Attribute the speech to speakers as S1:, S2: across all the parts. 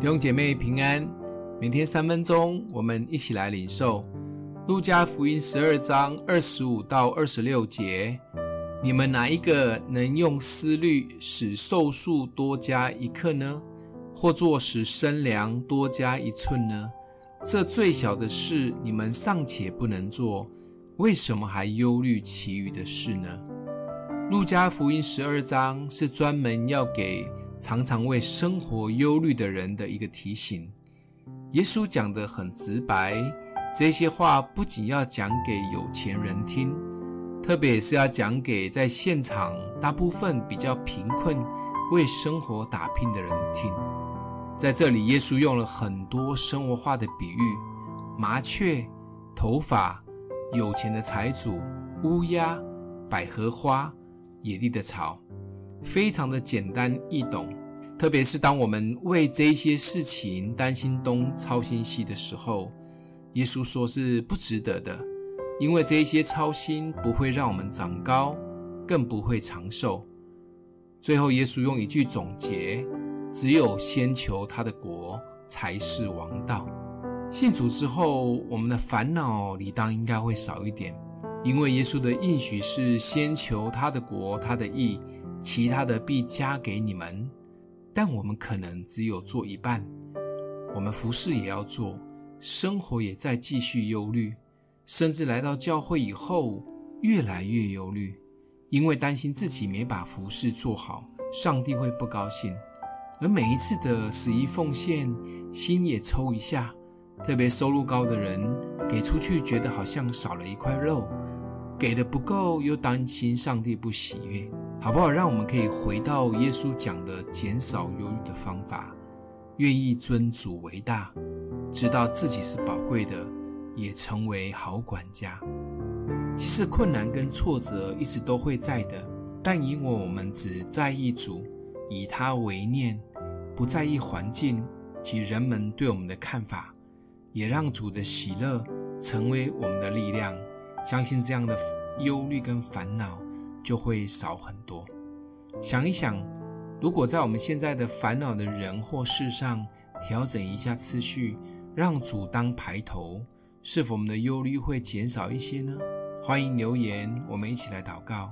S1: 弟兄姐妹平安，每天三分鐘，我們一起來領受《路加福音》十二章二十五到二十六節。你們哪一個能用思慮使壽數多加一刻呢？或作使身量多加一肘呢？這最小的事你們尚且不能做，為什麼還憂慮其餘的事呢？《路加福音》十二章是專門要給常常為生活憂慮的人的一個提醒，耶穌講得很直白。這些話不僅要講給有錢人聽，特別是要講給在現場大部分比較貧困、為生活打拼的人聽。在這裡，耶穌用了很多生活化的比喻：麻雀、頭髮、有錢的財主、烏鴉、百合花、野地的草。非常的簡單易懂，特別是當我們為這些事情擔心東操心西的時候，耶穌說是不值得的，因為這些操心不會讓我們長高，更不會長壽。最後，耶穌用一句總結，只有先求他的國才是王道。信主之後，我們的煩惱理當應該會少一點，因為耶穌的應許是先求他的國，他的義。其他的必加給你們，但我們可能只有做一半。我們服事也要做，生活也在繼續憂慮，甚至來到教會以後，越來越憂慮，因為擔心自己沒把服事做好，上帝會不高興。而每一次的十一奉獻，心也抽一下，特別收入高的人給出去，覺得好像少了一塊肉，給的不夠又擔心上帝不喜悅。好不好？讓我們可以回到耶穌講的減少憂慮的方法，願意尊主為大，知道自己是寶貴的，也成為好管家。其實困難跟挫折一直都會在的，但因為我們只在意主，以他為念，不在意環境及人們對我們的看法，也讓主的喜樂成為我們的力量，相信這樣的憂慮跟煩惱，就會少很多。想一想，如果在我們現在的煩惱的人或事上調整一下次序，讓主當排頭，是否我們的憂慮會減少一些呢？歡迎留言，我們一起來禱告。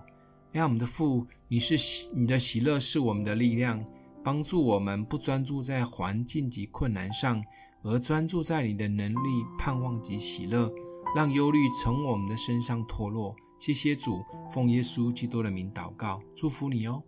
S1: 讓、哎、我們的父，你是喜，你的喜樂是我們的力量，幫助我們不專注在環境及困難上，而專注在你的能力、盼望及喜樂，讓憂慮從我們的身上脫落。謝謝主，奉耶穌基督的名禱告，祝福你哦。